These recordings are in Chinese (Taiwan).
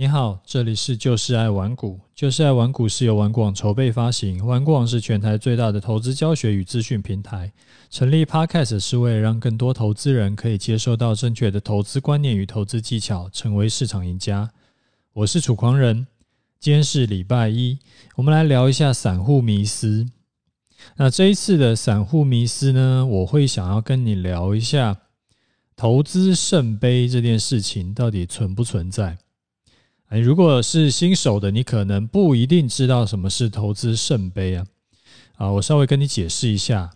你好，這裡是就是愛玩股。就是愛玩股是由玩股網籌備發行，玩股網是全台最大的投資教學與資訊平台。成立 Podcast 是為了讓更多投資人可以接受到正確的投資觀念與投資技巧，成為市場贏家。我是楚狂人，今天是禮拜一，我們來聊一下散戶迷思。那這一次的散戶迷思呢，我會想要跟你聊一下投資聖杯這件事情到底存不存在。誒，如果是新手的，你可能不一定知道什麼是投資聖杯啊！啊，我稍微跟你解釋一下，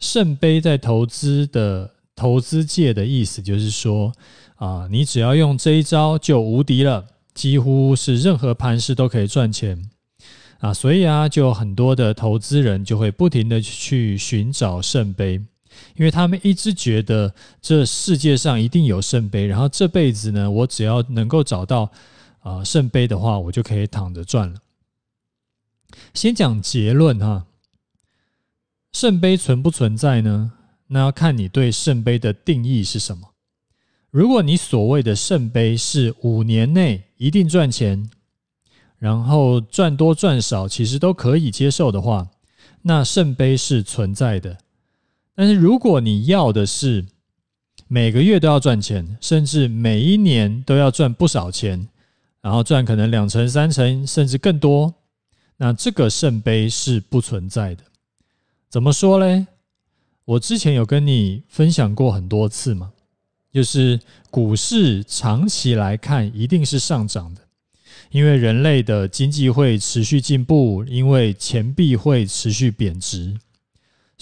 聖杯在投資的投資界的意思就是說，啊，你只要用這一招就無敵了，幾乎是任何盤勢都可以賺錢啊！所以啊，就很多的投資人就會不停的去尋找聖杯。因為他們一直覺得這世界上一定有聖杯，然後這輩子呢，我只要能夠找到啊、呃、聖杯的話，我就可以躺着賺了。先講結論哈，聖杯存不存在呢？那要看你對聖杯的定義是什麼。如果你所謂的聖杯是五年內一定賺錢，然後賺多賺少其實都可以接受的話，那聖杯是存在的。但是如果你要的是每個月都要賺錢，甚至每一年都要賺不少錢，然後賺可能兩成、三成，甚至更多，那這個聖杯是不存在的。怎麼說嘞？我之前有跟你分享過很多次嘛，就是股市長期來看一定是上漲的，因為人類的經濟會持續進步，因為錢幣會持續貶值。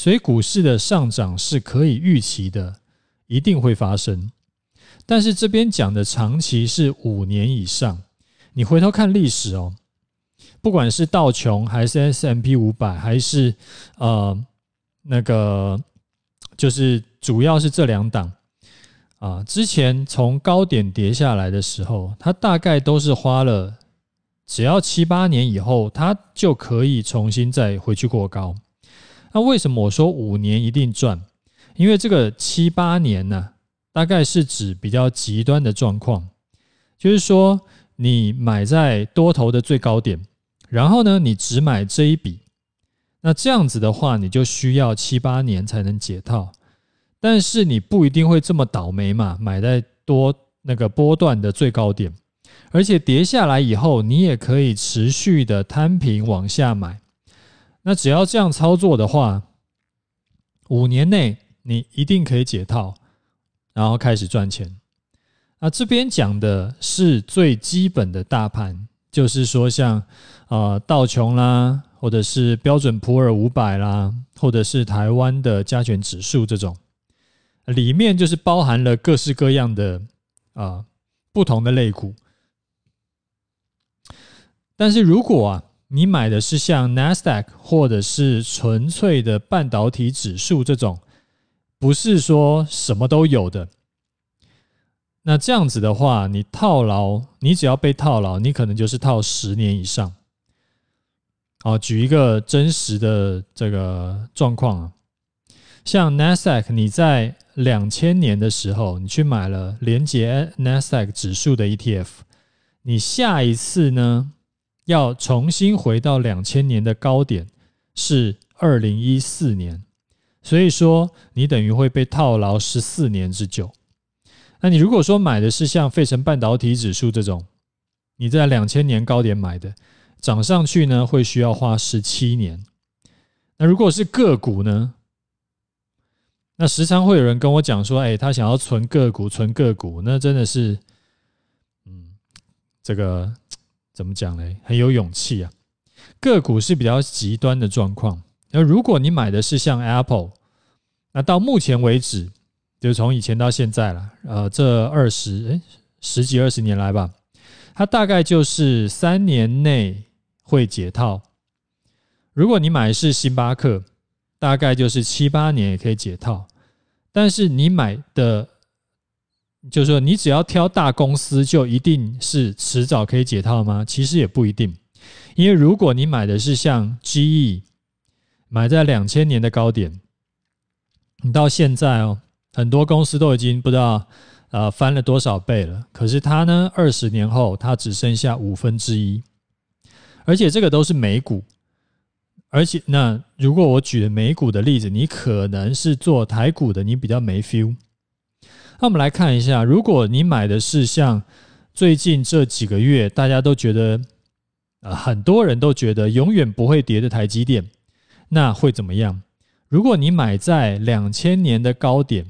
所以股市的上漲是可以預期的，一定會發生。但是這邊講的長期是五年以上。你回頭看歷史哦，不管是道瓊還是 S M P 五百 S&P 500，還是呃那個，就是主要是這兩檔啊。之前從高點跌下來的時候，它大概都是花了只要七八年以後，它就可以重新再回去過高。那為什麼我說五年一定賺？因為這個七八年呢、啊，大概是指比較極端的狀況，就是說你買在多頭的最高點，然後呢，你只買這一筆，那這樣子的話，你就需要七八年才能解套。但是你不一定會這麼倒霉嘛，買在多那個波段的最高點，而且跌下來以後，你也可以持續的攤平往下買。那只要這樣操作的話，五年內你一定可以解套，然後開始賺錢。那這邊講的是最基本的大盤，就是說像啊、呃、道瓊啦，或者是標準普爾五百啦，或者是台灣的加權指數這種，裡面就是包含了各式各樣的啊、呃、不同的類股。但是如果啊，你買的是像 NASDAQ 或者是純粹的半導體指數這種，不是說什麼都有的。那這樣子的話，你套牢，你只要被套牢，你可能就是套十年以上。好，舉一個真實的這個狀況啊，像 NASDAQ，你在兩千年的時候，你去買了連接 NASDAQ 指數的 ETF，你下一次呢？要重新回到兩千年的高點是二零一四年，所以說你等於會被套牢十四年之久。那你如果說買的是像費城半導體指數這種，你在兩千年高點買的，漲上去呢會需要花十七年。那如果是個股呢？那時常會有人跟我講說：“哎、欸，他想要存個股，存個股。”那真的是，嗯，這個。怎麼講呢？很有勇氣啊！個股是比較極端的狀況。那如果你買的是像 Apple，那到目前為止，就是從以前到現在了，呃，這二十哎十幾二十年來吧，它大概就是三年內會解套。如果你買的是星巴克，大概就是七八年也可以解套。但是你買的。就是說，你只要挑大公司，就一定是遲早可以解套嗎？其實也不一定，因為如果你買的是像 GE，買在兩千年的高點，你到現在哦，很多公司都已經不知道呃翻了多少倍了。可是它呢，二十年後它只剩下五分之一，而且這個都是美股，而且那如果我舉的美股的例子，你可能是做台股的，你比較沒 feel。那我們來看一下，如果你買的是像最近這幾個月大家都覺得，呃，很多人都覺得永遠不會跌的台積電，那會怎麼樣？如果你買在兩千年的高點，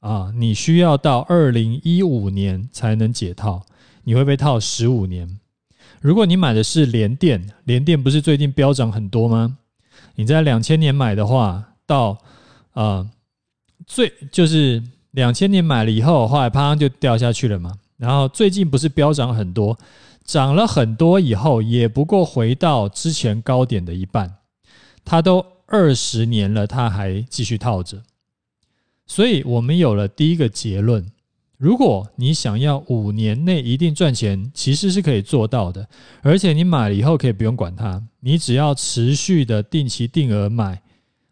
啊，你需要到二零一五年才能解套，你會被套十五年。如果你買的是聯電，聯電不是最近飆漲很多嗎？你在兩千年買的話，到啊。呃最就是兩千年買了以後，後來啪就掉下去了嘛。然後最近不是飆漲很多，漲了很多以後，也不過回到之前高點的一半。它都二十年了，它還繼續套着。所以我們有了第一個結論：如果你想要五年內一定賺錢，其實是可以做到的。而且你買了以後可以不用管它，你只要持續的定期定額買，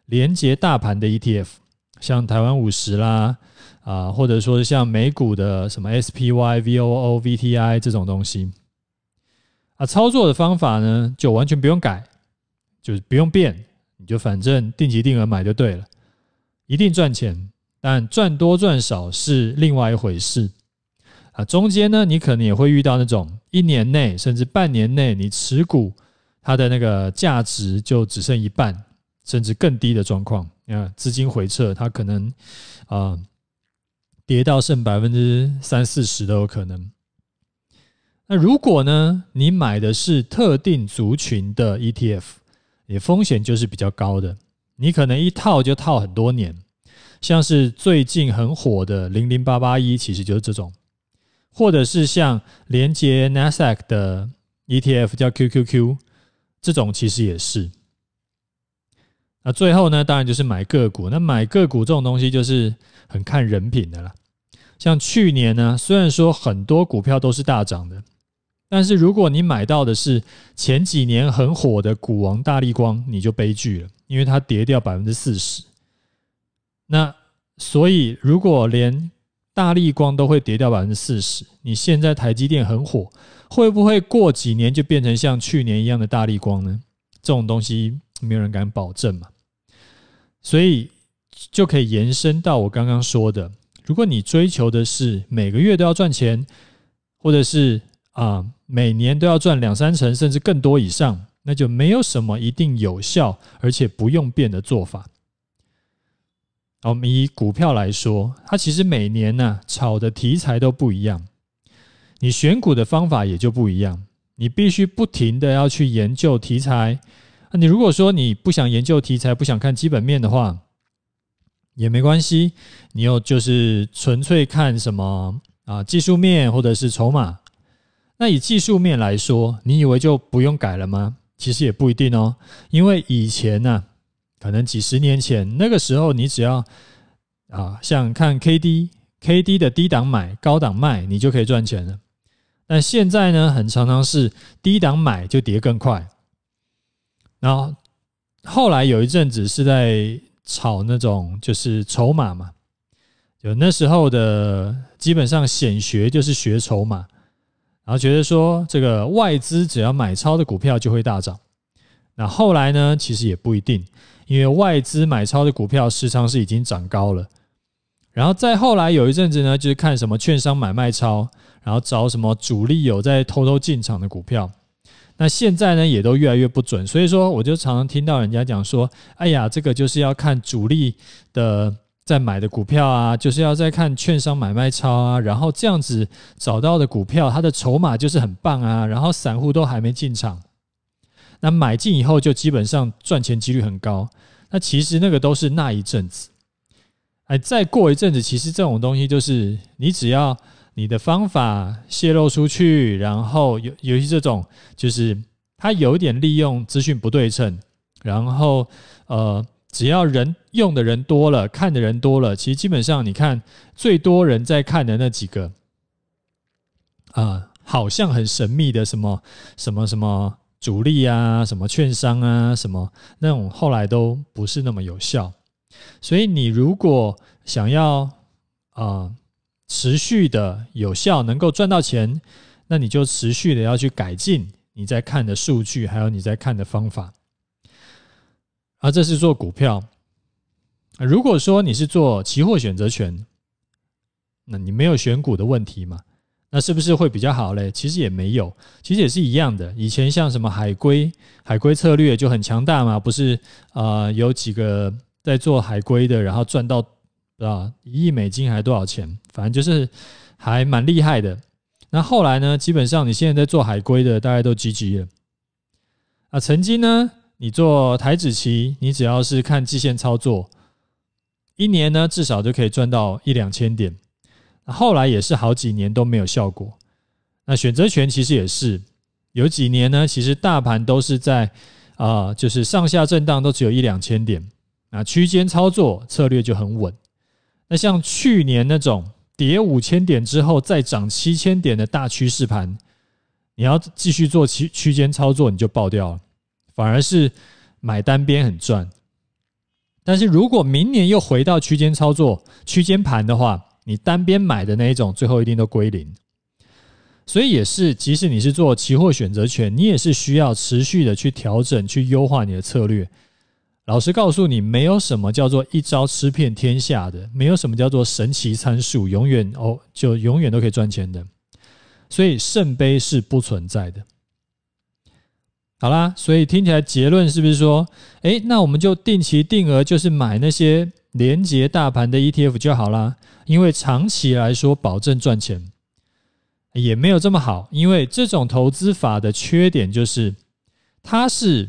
連結大盤的 ETF。像台灣五十啦，啊，或者說是像美股的什麼 SPY、VOO、VTI 這種東西，啊，操作的方法呢就完全不用改，就是不用變，你就反正定期定額買就對了，一定賺錢，但賺多賺少是另外一回事，啊，中間呢你可能也會遇到那種一年內甚至半年內你持股它的那個價值就只剩一半甚至更低的狀況。啊，資金回撤，它可能啊、呃、跌到剩百分之三四十都有可能。那如果呢，你買的是特定族群的 ETF，你風險就是比較高的，你可能一套就套很多年。像是最近很火的零零八八一，其實就是這種，或者是像連接 NASDAQ 的 ETF 叫 QQQ，這種其實也是。那最後呢，當然就是買個股。那買個股這種東西就是很看人品的啦。像去年呢，雖然說很多股票都是大漲的，但是如果你買到的是前幾年很火的股王大立光，你就悲劇了，因為它跌掉百分之四十。那所以，如果連大立光都會跌掉百分之四十，你現在台積電很火，會不會過幾年就變成像去年一樣的大立光呢？這種東西。沒有人敢保證嘛，所以就可以延伸到我剛剛說的，如果你追求的是每個月都要賺錢，或者是啊、呃、每年都要賺兩三成甚至更多以上，那就沒有什麼一定有效而且不用變的做法。我們以股票來說，它其實每年呢、啊、炒的題材都不一樣，你選股的方法也就不一樣，你必須不停的要去研究題材。那你如果說你不想研究題材，不想看基本面的話，也沒關係。你又就是純粹看什麼啊，技術面或者是籌碼。那以技術面來說，你以為就不用改了嗎？其實也不一定哦。因為以前呢，啊，可能幾十年前那個時候，你只要啊，像看 KD，KD 的低檔買，高檔賣，你就可以賺錢了。但現在呢，很常常是低檔買就跌更快。然後後來有一陣子是在炒那種就是籌碼嘛，就那時候的基本上顯學就是學籌碼，然後覺得說這個外資只要買超的股票就會大漲。那後來呢，其實也不一定，因為外資買超的股票時常是已經漲高了。然後再後來有一陣子呢，就是看什麼券商買賣超，然後找什麼主力有在偷偷進場的股票。那現在呢，也都越來越不準，所以說我就常常聽到人家講說，哎呀，這個就是要看主力的在買的股票啊，就是要再看券商買賣超啊，然後這樣子找到的股票，它的籌碼就是很棒啊，然後散戶都還沒進場，那買進以後就基本上賺錢幾率很高。那其實那個都是那一陣子，哎，再過一陣子，其實這種東西就是你只要。你的方法洩露出去，然後尤尤其這種，就是它有一點利用資訊不對稱，然後呃，只要人用的人多了，看的人多了，其實基本上你看最多人在看的那幾個，啊、呃，好像很神祕的什麼什麼什麼主力啊，什麼券商啊，什麼那種後來都不是那麼有效，所以你如果想要啊。呃持續的有效能夠賺到錢，那你就持續的要去改進你在看的數據，還有你在看的方法。而、啊、這是做股票，如果說你是做期貨選擇權，那你沒有選股的問題嘛？那是不是會比較好嘞？其實也沒有，其實也是一樣的。以前像什麼海龜，海龜策略就很強大嘛，不是啊、呃？有幾個在做海龜的，然後賺到。啊吧？一億美金還多少錢？反正就是還蠻厲害的。那後來呢？基本上你現在在做海龜的，大概都 GG 了啊。那曾經呢，你做台指期，你只要是看季線操作，一年呢至少就可以賺到一兩千點。那後來也是好幾年都沒有效果。那選擇權其實也是有幾年呢，其實大盤都是在啊、呃，就是上下震盪都只有一兩千點。那區間操作策略就很穩。那像去年那種跌五千點之後再漲七千點的大趨勢盤，你要繼續做區區間操作，你就爆掉了。反而是買單邊很賺。但是如果明年又回到區間操作、區間盤的話，你單邊買的那一種，最後一定都歸零。所以也是，即使你是做期貨選擇權，你也是需要持續的去調整、去優化你的策略。老實告訴你，沒有什麼叫做一招吃遍天下的，沒有什麼叫做神奇參數，永遠哦，就永遠都可以賺錢的。所以聖杯是不存在的。好啦，所以聽起來結論是不是說，哎，那我們就定期定額，就是買那些連接大盤的 ETF 就好啦。因為長期來說保證賺錢，也沒有這麼好。因為這種投資法的缺點就是，它是。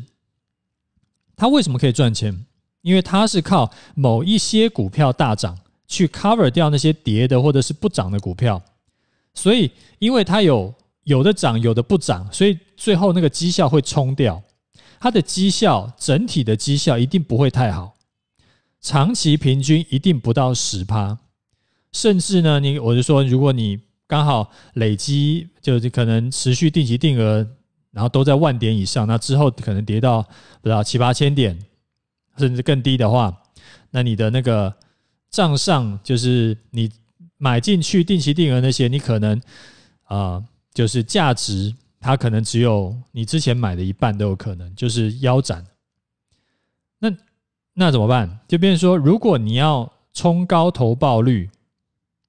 它為什麼可以賺錢？因為它是靠某一些股票大漲去 cover 掉那些跌的或者是不漲的股票，所以因為它有有的漲有的不漲，所以最後那個績效會沖掉，它的績效整體的績效一定不會太好，長期平均一定不到十趴，甚至呢，你我就說，如果你剛好累積就可能持續定期定額。然後都在萬點以上，那之後可能跌到不知道七八千點，甚至更低的話，那你的那個賬上就是你買進去定期定額那些，你可能啊、呃，就是價值它可能只有你之前買的一半都有可能，就是腰斬那。那那怎麼辦？就變成說，如果你要衝高投報率，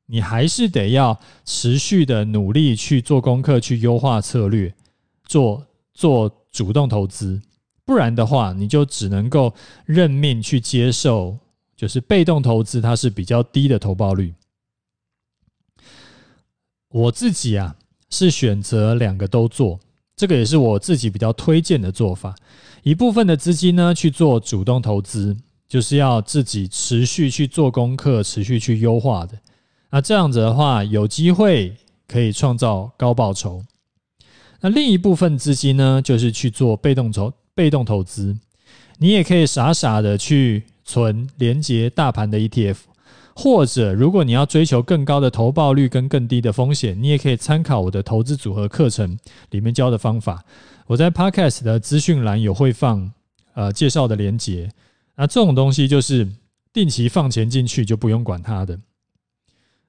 你還是得要持續的努力去做功課，去優化策略。做做主動投資，不然的話，你就只能夠認命去接受，就是被動投資，它是比較低的投報率。我自己啊，是選擇兩個都做，這個也是我自己比較推薦的做法。一部分的資金呢，去做主動投資，就是要自己持續去做功課，持續去優化的。那這樣子的話，有機會可以創造高報酬。那另一部分資金呢，就是去做被動投被動投資。你也可以傻傻的去存連結大盤的 ETF，或者如果你要追求更高的投報率跟更低的風險，你也可以參考我的投資組合課程裡面教的方法。我在 Podcast 的資訊欄有會放，呃，介紹的連結。那這種東西就是定期放錢進去，就不用管它的。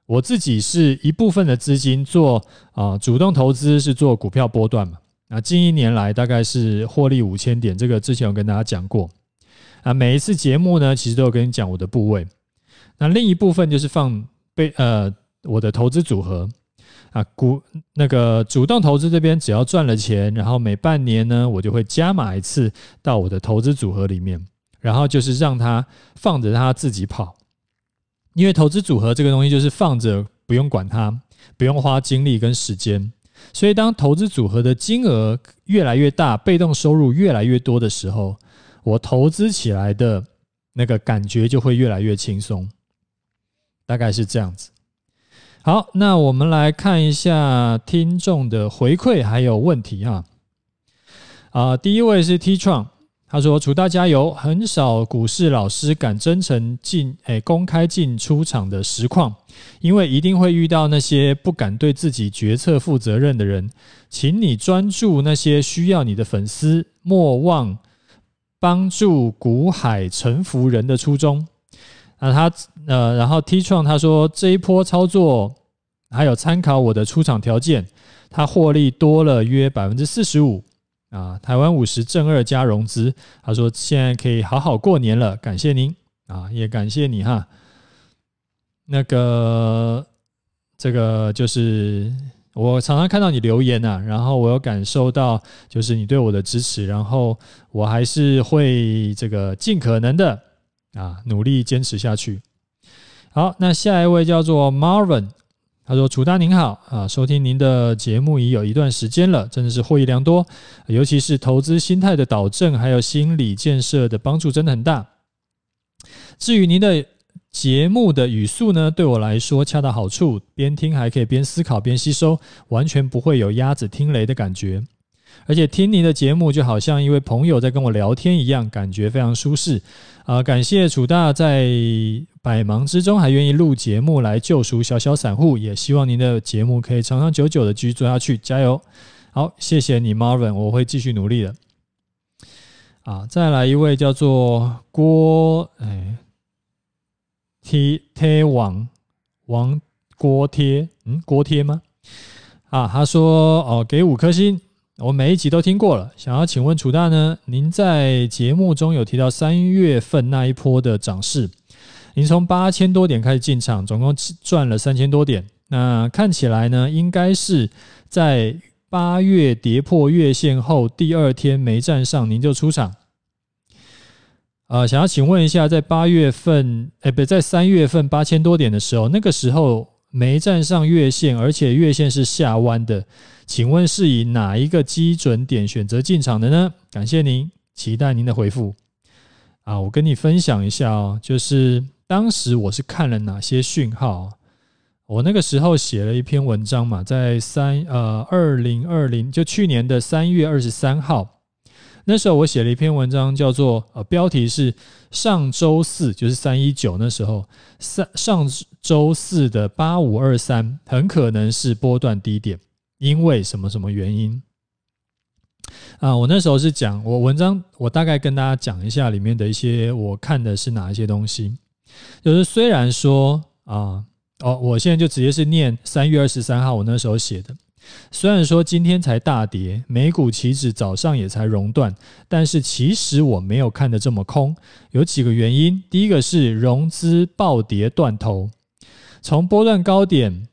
我自己是一部分的資金做啊主動投資，是做股票波段嘛，啊，近一年來大概是獲利五千點，這個之前有跟大家講過啊。每一次節目呢，其實都有跟你講我的部位。那另一部分就是放被呃我的投資組合啊股那個主動投資這邊只要賺了錢，然後每半年呢，我就會加碼一次到我的投資組合裡面，然後就是讓它放着它自己跑。因為投資組合這個東西就是放着不用管它，不用花精力跟時間，所以當投資組合的金額越來越大，被動收入越來越多的時候，我投資起來的那個感覺就會越來越輕鬆，大概是這樣子。好，那我們來看一下聽眾的回饋還有問題哈啊。啊，呃，第一位是 T 創。他說：“楚大加油！很少股市老師敢真誠進誒、欸、公開進出場的實況，因為一定會遇到那些不敢對自己決策負責任的人。請你專注那些需要你的粉絲，莫忘幫助股海沉浮人的初衷。”啊，他呃，然後 T 創他說，這一波操作還有參考我的出場條件，他獲利多了約百分之四十五。啊，台灣五十正二加融資，他說現在可以好好過年了，感謝您啊，也感謝你哈。那個，這個就是我常常看到你留言啊，然後我有感受到就是你對我的支持，然後我還是會這個盡可能的啊努力堅持下去。好，那下一位叫做 Marvin。他說：“楚大您好，啊，收聽您的節目已有一段時間了，真的是獲益良多，尤其是投資心態的導正，還有心理建設的幫助，真的很大。至於您的節目的語速呢，對我來說恰到好處，邊聽還可以邊思考邊吸收，完全不會有鴨子聽雷的感覺。而且聽您的節目就好像一位朋友在跟我聊天一樣，感覺非常舒適。啊、呃，感謝楚大在。”百忙之中還願意錄節目來救贖小小散戶，也希望您的節目可以長長久久的繼續做下去。加油！好，謝謝你，Marvin，我會繼續努力的。啊，再來一位叫做郭誒貼貼王王郭貼，嗯，郭貼嗎？啊，他說哦，給五顆星。我每一集都聽過了。想要請問楚大呢？您在節目中有提到三月份那一波的漲勢。您從八千多點開始進場，總共賺了三千多點。那看起來呢，應該是在八月跌破月線後第二天沒站上，您就出場。呃，想要請問一下，在八月份，哎，不，在三月份八千多點的時候，那個時候沒站上月線，而且月線是下彎的，請問是以哪一個基準點選擇進場的呢？感謝您，期待您的回復。啊，我跟你分享一下哦，就是。當時我是看了哪些訊號？我那個時候寫了一篇文章嘛，在三，呃，二零二零就去年的三月二十三號，那時候我寫了一篇文章，叫做，呃，標題是上周四，就是三一九那時候三上周四的八五二三很可能是波段低點，因為什麼什麼原因。啊，我那時候是講我文章，我大概跟大家講一下裡面的一些我看的是哪一些東西。就是雖然說啊，哦，我現在就直接是念三月二十三號我那時候寫的。雖然說今天才大跌，美股期指早上也才熔斷，但是其實我沒有看得這麼空。有幾個原因，第一個是融資暴跌斷頭，從波段高點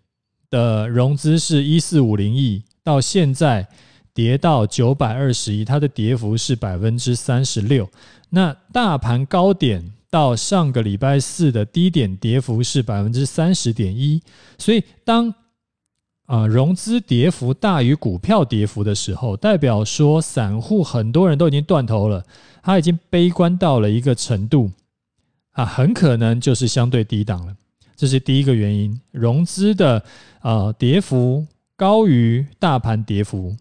的融資是一四五零億，到現在跌到九百二十一，它的跌幅是百分之三十六。那大盤高點。到上個禮拜四的低點，跌幅是百分之三十點一。所以當，當、呃、啊融資跌幅大於股票跌幅的時候，代表說散戶很多人都已經斷頭了，他已經悲觀到了一個程度啊，很可能就是相對低檔了。這是第一個原因，融資的啊、呃、跌幅高於大盤跌幅。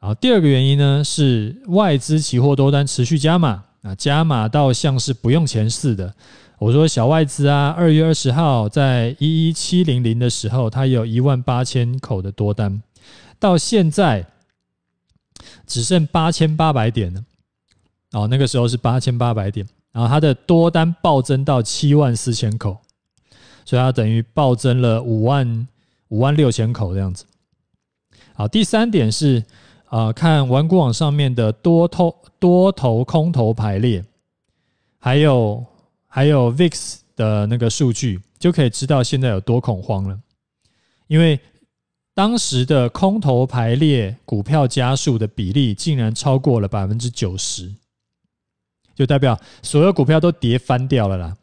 然後第二個原因呢，是外資期貨多單持續加碼。啊，加碼到像是不用錢似的。我說小外資啊，二月二十號在一一七零零的時候，它有一萬八千口的多單，到現在只剩八千八百點了。哦，那個時候是八千八百點，然後它的多單暴增到七萬四千口，所以它等於暴增了五萬五萬六千口這樣子。好，第三點是。啊、呃，看玩股網上面的多頭、多頭空頭排列，還有還有 VIX 的那個數據，就可以知道現在有多恐慌了。因為當時的空頭排列股票家數的比例竟然超過了百分之九十，就代表所有股票都跌翻掉了啦。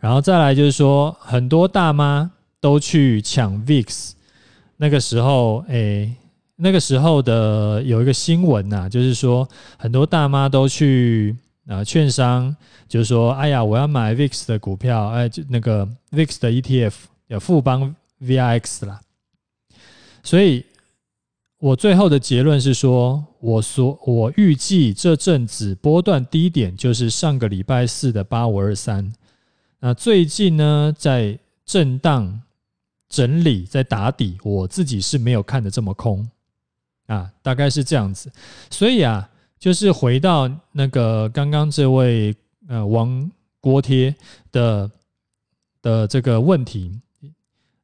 然後再來就是說，很多大媽都去搶 VIX，那個時候，哎、欸。那個時候的有一個新聞吶，就是說很多大媽都去啊券商，就是說哎呀，我要買 VIX 的股票，哎就那個 VIX 的 ETF 有富邦 VIX 啦。所以我最後的結論是說，我所我預計這陣子波段低點就是上個禮拜四的八五二三。那最近呢，在震盪整理，在打底，我自己是沒有看得這麼空。啊，大概是這樣子，所以啊，就是回到那個剛剛這位呃王鍋貼的的這個問題，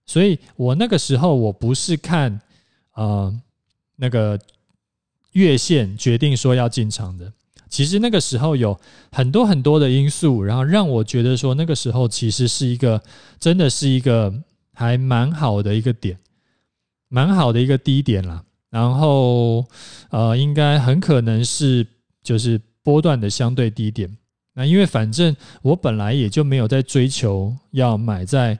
所以我那個時候我不是看呃那個月線決定說要進場的，其實那個時候有很多很多的因素，然後讓我覺得說那個時候其實是一個真的是一個還蠻好的一個點，蠻好的一個低點啦。然後，呃，應該很可能是就是波段的相對低點。那因為反正我本來也就沒有在追求要買在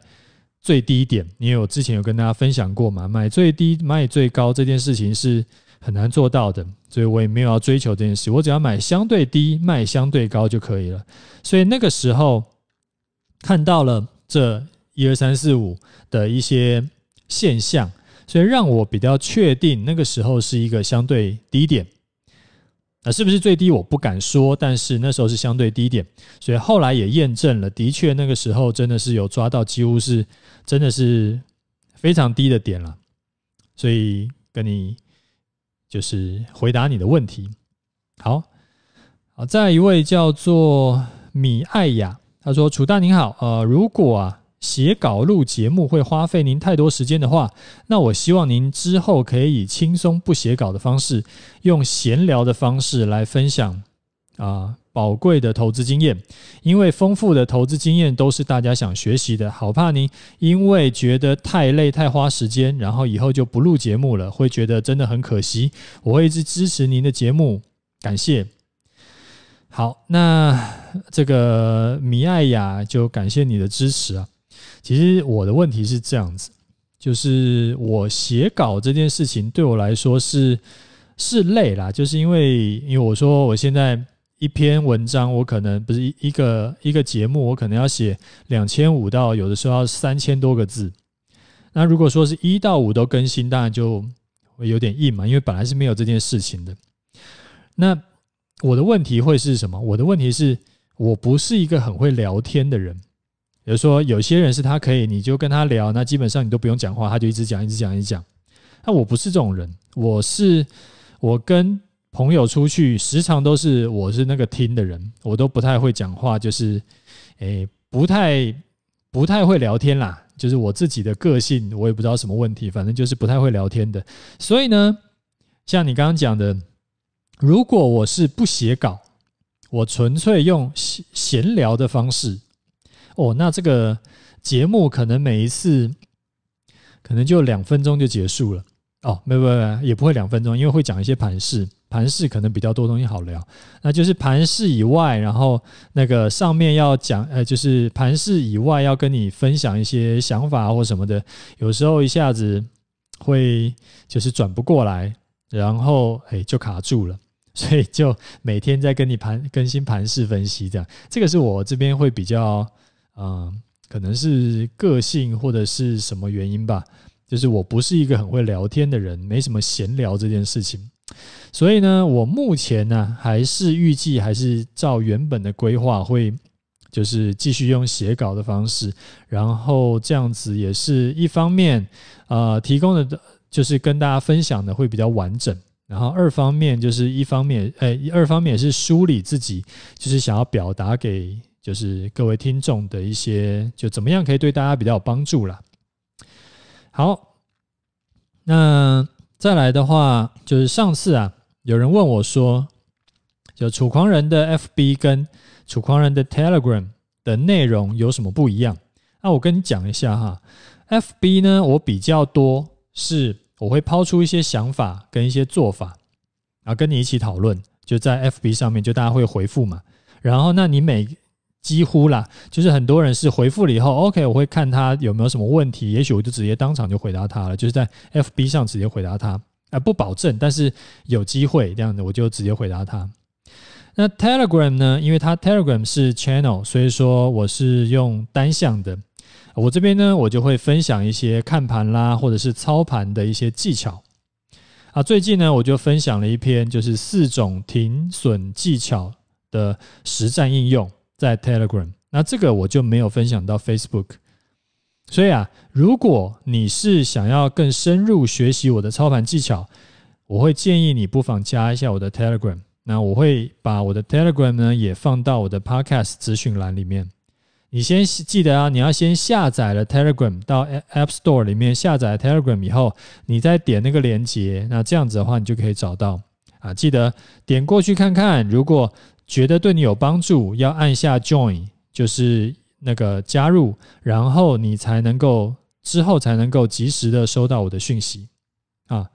最低點，因為我之前有跟大家分享過嘛，買最低，賣最高這件事情是很難做到的，所以我也沒有要追求這件事，我只要買相對低，賣相對高就可以了。所以那個時候看到了這一二三四五的一些現象。所以讓我比較確定那個時候是一個相對低點，啊，是不是最低我不敢說，但是那時候是相對低點，所以後來也驗證了，的確那個時候真的是有抓到，幾乎是真的是非常低的點了，所以跟你就是回答你的問題。好，好，再一位叫做米艾雅，他說：“楚大你好，呃，如果啊。”寫稿錄節目會花費您太多時間的話，那我希望您之後可以以輕鬆不寫稿的方式，用閒聊的方式來分享啊，呃，寶貴的投資經驗，因為豐富的投資經驗都是大家想學習的。好怕您因為覺得太累太花時間，然後以後就不錄節目了，會覺得真的很可惜。我會一直支持您的節目，感謝。好，那這個米艾雅就感謝你的支持啊。其實我的問題是這樣子，就是我寫稿這件事情對我來說是是累啦，就是因為因為我說我現在一篇文章我可能不是一一個一個節目，我可能要寫兩千五，到有的時候要三千多個字，那如果說是一到五都更新，當然就會有點硬嘛，因為本來是沒有這件事情的。那我的問題會是什麼？我的問題是，我不是一個很會聊天的人。比如說，有些人是他可以，你就跟他聊，那基本上你都不用講話，他就一直講，一直講，一直講。那我不是這種人，我是我跟朋友出去，時常都是我是那個聽的人，我都不太會講話，就是誒、欸，不太不太會聊天啦。就是我自己的個性，我也不知道什麼問題，反正就是不太會聊天的。所以呢，像你剛剛講的，如果我是不寫稿，我純粹用閒聊的方式。哦，那這個節目可能每一次可能就兩分鐘就結束了。哦，沒沒沒，也不會兩分鐘，因為會講一些盤勢。盤勢可能比較多東西好聊。那就是盤勢以外，然後那個上面要講，呃，就是盤勢以外要跟你分享一些想法或什麼的。有時候一下子會就是轉不過來，然後誒、欸、就卡住了，所以就每天在跟你盤更新盤勢分析這樣。這個是我這邊會比較。啊、呃，可能是個性或者是什麼原因吧，就是我不是一個很會聊天的人，沒什麼閒聊這件事情。所以呢，我目前呢、啊、還是預計還是照原本的規劃，會就是繼續用寫稿的方式，然後這樣子也是一方面，呃，提供的就是跟大家分享的會比較完整。然後二方面就是一方面，哎、欸，二方面也是梳理自己，就是想要表達給。就是各位聽眾的一些，就怎麼樣可以對大家比較有幫助啦。好，那再來的話，就是上次啊，有人問我說，就楚狂人的 FB 跟楚狂人的 Telegram 的內容有什麼不一樣？那、啊、我跟你講一下哈，FB 呢，我比較多是我會拋出一些想法跟一些做法，然後跟你一起討論，就在 FB 上面就大家會回復嘛。然後，那你每幾乎啦，就是很多人是回復了以後，OK，我會看他有沒有什麼問題，也許我就直接當場就回答他了，就是在 FB 上直接回答他，啊、呃，不保證，但是有機會這樣子，我就直接回答他。那 Telegram 呢？因為它 Telegram 是 channel，所以說我是用單向的。我這邊呢，我就會分享一些看盤啦，或者是操盤的一些技巧啊。最近呢，我就分享了一篇，就是四種停損技巧的實戰應用。在 Telegram，那這個我就沒有分享到 Facebook。所以啊，如果你是想要更深入學習我的操盤技巧，我會建議你不妨加一下我的 Telegram。那我會把我的 Telegram 呢也放到我的 Podcast 資訊欄裡面。你先記得啊，你要先下載了 Telegram 到 App Store 裡面下載了 Telegram 以後，你再點那個鏈接。那這樣子的話，你就可以找到啊。記得點過去看看。如果覺得對你有幫助，要按下 Join，就是那個加入，然後你才能夠，之後才能夠及時的收到我的訊息啊。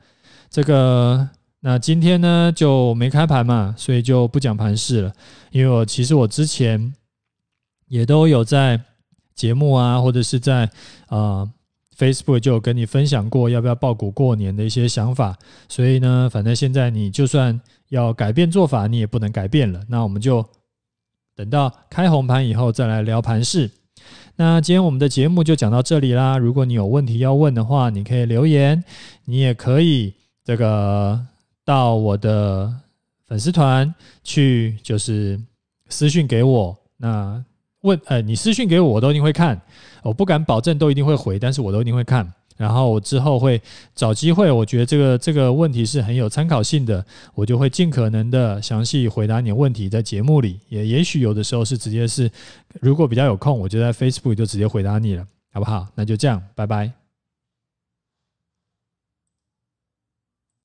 這個，那今天呢就沒開盤嘛，所以就不講盤勢了，因為我其實我之前也都有在節目啊，或者是在啊。呃 Facebook 就有跟你分享過要不要抱股過年的一些想法，所以呢，反正現在你就算要改變做法，你也不能改變了。那我們就等到開紅盤以後再來聊盤勢。那今天我們的節目就講到這裡啦。如果你有問題要問的話，你可以留言，你也可以這個到我的粉絲團去，就是私訊給我。那問呃，你私訊給我，我都一定會看。我不敢保證都一定會回，但是我都一定會看。然後我之後會找機會，我覺得這個這個問題是很有參考性的，我就會盡可能的詳細回答你的問題。在節目裡也，也許有的時候是直接是，如果比較有空，我就在 Facebook 就直接回答你了，好不好？那就這樣，拜拜。